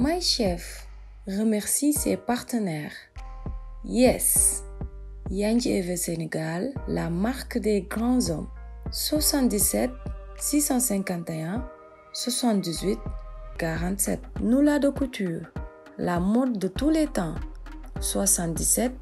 My Chef remercie ses partenaires. Yes! Yanji Eve Sénégal, la marque des grands hommes. 77 651 78 47. Noula de couture, la mode de tous les temps. 77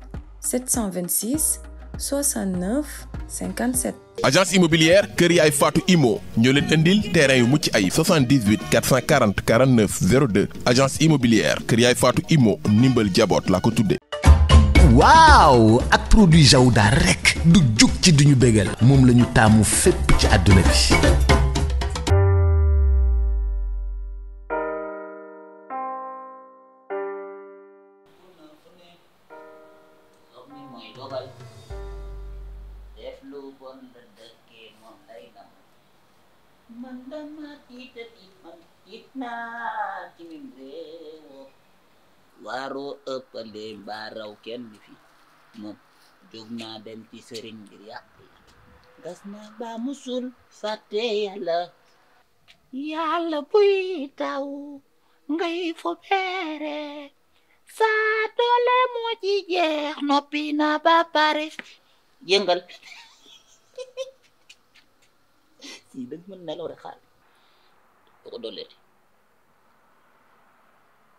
726 69 57. agence immobilière Kër Yaay Fatou Imo ñoo leen indil terrain yu mucc ayib 78 440 49 02 agence immobilière Kër Yaay Fatou Imo ndimbal jaboot laa ko tuddee. waaw ak produit Jaouda rek du jug ci duñu bégal moom la ñu taamu fépp ci àdduna bi. noon la moom lay nam man dama tiita tiit man tiit naa ci min réew waaroo ëppale mbaa raw kenn fi moom jóg naa dem ci sëriñ ngir yàq gas naa baa musul fàtte yàlla yàlla buy taw ngay fo beere saa doole moo jeex noppi na ba pare yëngal si da mën nelaw rek xaar boo ko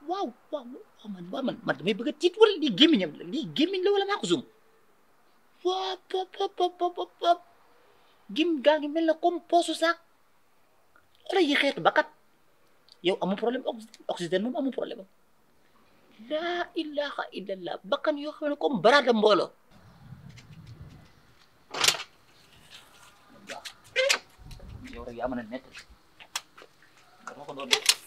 waaw waaw man waaw damay bëgg a tiit wala lii gémmiñam la lii gémmiñ la wala maa ko waa pop pop pop pop gim gaa ngi mel na comme poosu saak xoolal yi xeetu bakkat yow amu problème oxygène moom amu problème laa ilaha illallah bakkan yoo xam ne comme mbooloo yow rek yaa mën a nekk dama ko doon def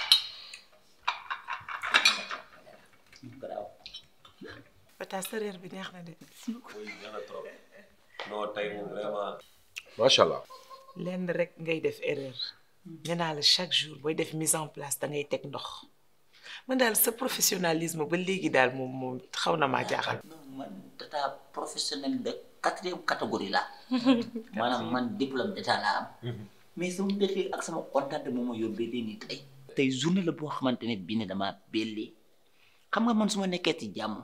tata sa reer bi neex na de. non tey moom vraiment. macha allah. lenn rek ngay def erreur. Hmm. nee naa la chaque jour booy def mise en place da ngay teg ndox. man daal sa professionnalisme ba léegi daal moom moom xaw na maa jaaxal. man data professionnel de quatrième catégorie la. maanaam man diplôme d'état laa am. Hmm. mais sama défi ak sama kontaan moom ma yóbbee leen nii tey. tey journée la boo xamante ne bii ne damaa belli xam nga man su ma nekkee ci jàmm.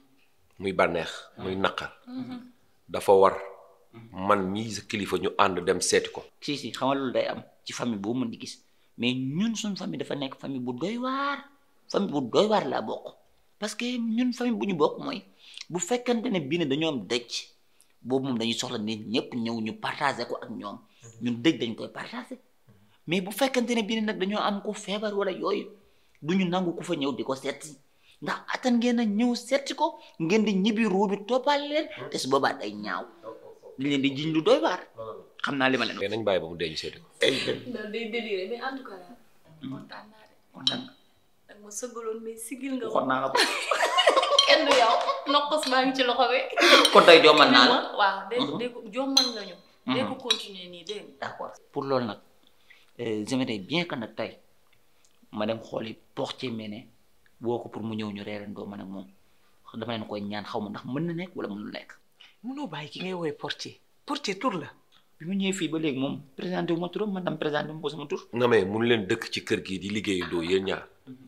muy bànneex ah. muy naqar dafa war man ñi kilifa ñu ànd dem seeti ko si si xamal loolu day am ci famille boo mën di gis mais ñun suñ famille dafa nekk famille bu doy waar famille bu doy waar laa bokk parce que ñun famille bu ñu bokk mooy bu fekkante ne bii ne dañoo am boobu moom dañuy soxla nit ñëpp ñëw ñu ko ak ñoom ñun dëj dañ koy partagé mais bu fekkante ne bii nag dañoo am ku feebar wala yooyu du ñu nangu ku fa ñëw di ko seet ndax attan ngeen a ñëw seeti ko ngeen di ñibbi ruubi toppal leen te su boobaa day ñaaw li leen di jiñ lu doy waar xam naa li ma leen. mais nañ bàyyi mais en tout hmm. de. kontaan nga. ak ma sëggaloon nga. naa la ko. kenn du ngi ci loxo bi. kon tey joomal naa la. waaw dégg hmm. dégg joomal nga ñu. Hmm. dégg ko continuer nii dégg nga. pour loolu nag euh, j'aimerais bien que nag tey ma dem xooli portier mene boko pour mu ñew ñu reerandoo man ak moom dama len koy ñaan xawma ndax mën na nek wala mënul nekk. mënu bay ki ngay woy portier portier tour la. bi mu ñëwee fii ba leg mom présenté mo tour man dam présenté mo sama tour non mais mënu len dëkk ci kër gi di liggéey do yeen ñaar mhm.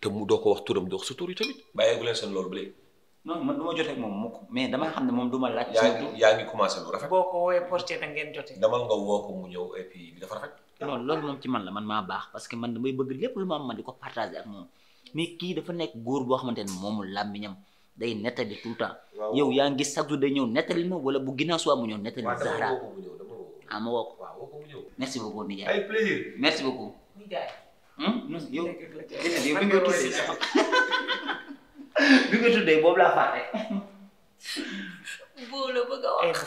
te mu do ko wax touram do wax sa tour yi tamit. bàyyeeku leen sen lool ba leg non man dama jotté ak mom moko mais dama xamné mom duma du ci tour ya ngi commencé lu rafet. boko woy portier da ngeen jotté dama nga woo ko mu ñew et puis dafa rafet. non lool mom ci man la man ma baax parce que man damay bëgg lepp lu ma am man diko partager ak mom mais kii dafa nekk góor boo xamante ne moomu làmmiñam day nettali tout le yow yaa ngi gis chaque jour day ñëw bu ginnaaw soit mu ñëw nettali. Zahra bi nga tuddee bi boobu la bëgg a wax.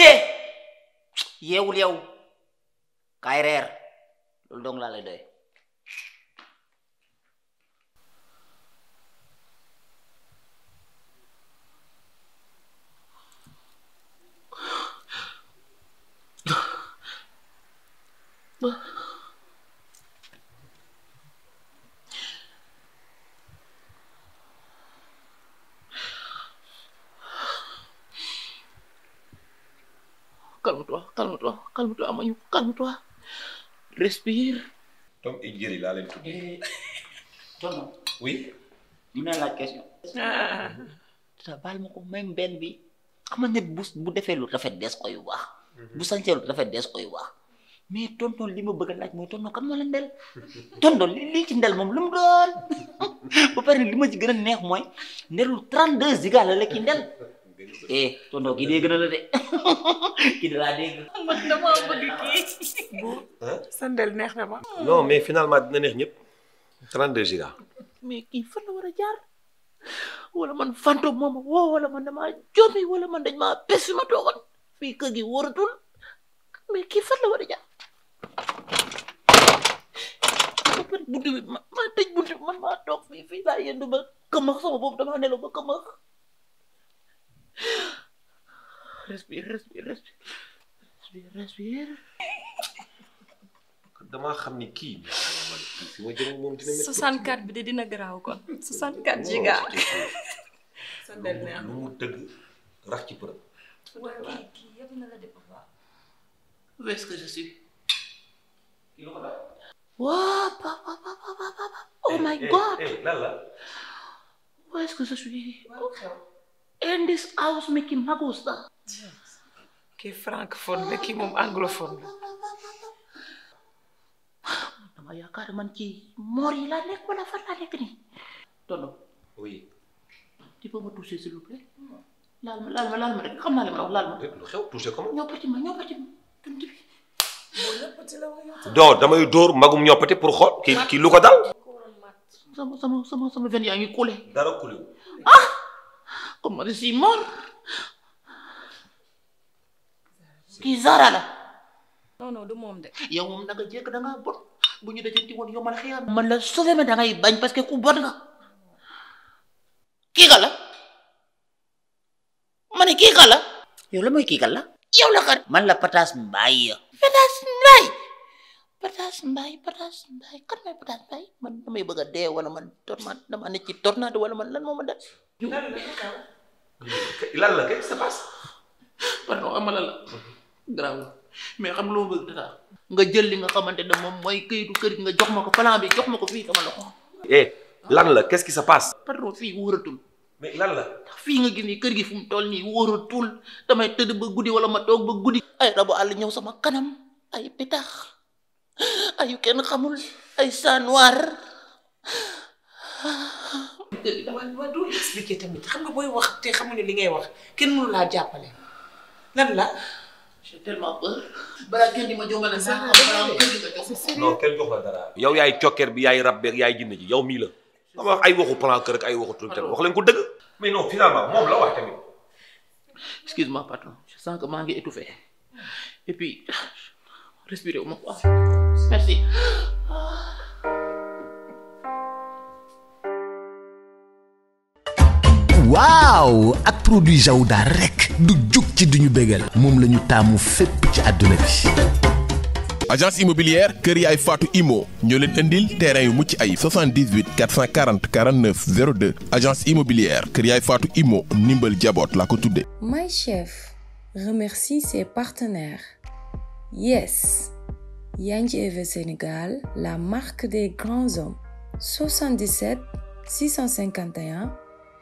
Eh, yeewul yow. kairer dong lalai deh Kalau doa, kalau doa, kalau respire. Tom et Jerry laa leen tuddee. Eh, mun naa laaj question. dina ma ko même benn bi xam nga nit bu defee lu rafet des koy wax. bu sañsee lu rafet des koy wax. mais tonton li ma bëgg a laaj mooy tonton kan moo la ndel tonton li lii ci ndel moom lu mu doon ba pare li ma ci gën a neex mooy ndelu 32 a la la ki ndel. Gitu, eh, tondo kide gede deh. Kide lade. Man dama bëgg ki. Bu. Sandal neex na No, me final finalement dina nyep. ñëpp. 32 sih Mais ki fa la Wala man fantôme mama wo wala man dama jomi wala man dañ ma bes ma togon. Fi kër gi waratul. Mais ki fa la wara jaar? buntu bi ma itu buntu man sama boobu dama nelaw ba këmax respire respire respire respire damaa xam ni kii. si ma jëm moom dina. 64 bi de dina garaaw kon 64 giga. lu mu dëgg rax ci përëm. waaw kii kii yëpp na la def waaw. Où est-ce que je suis. waa papa papa papa oh eh, my eh, god. Eh, lan la. Où est-ce que je suis. in this house making magosta. Que francophone, maximum anglophone. Nama ya kar man ki mori la nek wala fa la nek ni. Tono. Oui. Tu peux me toucher s'il vous plaît? Lalma lalma lalma rek xam naa li ma wax lalma. Lu xew toucher ko ma. Ñoppati ma ñoppati ma. Tunti bi. Do damay dóor magum ñoppati pour xol ki ki lu ko dal. Sama sama sama sama ven yaangi coulé Dara coulé Ah! Kommer det Simon? Kizara la No no, du mom de yow mom da nga jek da nga bon Buñu da dajee ci woon yow man xiyam man la sauvé ma da ngay bañ parce que ku bon nga Ki gala. ma ki gala. la yow la moy ki gala. yow la xar man la patas mbay. patas mbay. patas mbay, patas mbay. kan may patas mbay. man damay bëgg dé wala man tornade dama ne ci tornade wala man lan moo dal Ilan la kay sa passe pardon amala la graw mais xam lo bëgg dara nga jël li nga xamanté da mom moy kayitu kër nga jox mako plan bi jox mako fi sama loxo eh lan la qu'est-ce qui se passe pardon fi wëratul mais lan la fi nga gis ni kër gi fu toll ni wëratul damay tëdd ba wala ma ba ay rabu ñew sama kanam ay pitax ayu kenn xamul ay sa noir waaw doo expliquer tamit xam nga booy wax te xamuñu li ngay wax kenn mun laa jàppale lan la. j'ai tellement peur. ma jox ma ne sax yaay cokkeer bi yaay rab beeg yaay jinne ji yow mii la. dama wax ay waxu plan kër ak ay waxu tur tamit wax lañ ko dëgg. mais non finalement moom la wax tamit. excuse patron je que maa ngi étouffé et puis respirer wu ma merci. waaw ak produit Jaouda rek du jug ci duñu bégal moom lañu taamu ci àdduna bi. agence immobilière Kër Yaay Fatou Imo ñoo leen terrain yu mucc 78 440 49 02 agence immobilière Kër Yaay Fatou Imo nimble jaboot La ko tudde My Chef remercie ses partenaires Yes Yanji Eve Sénégal la marque des grands hommes 77 651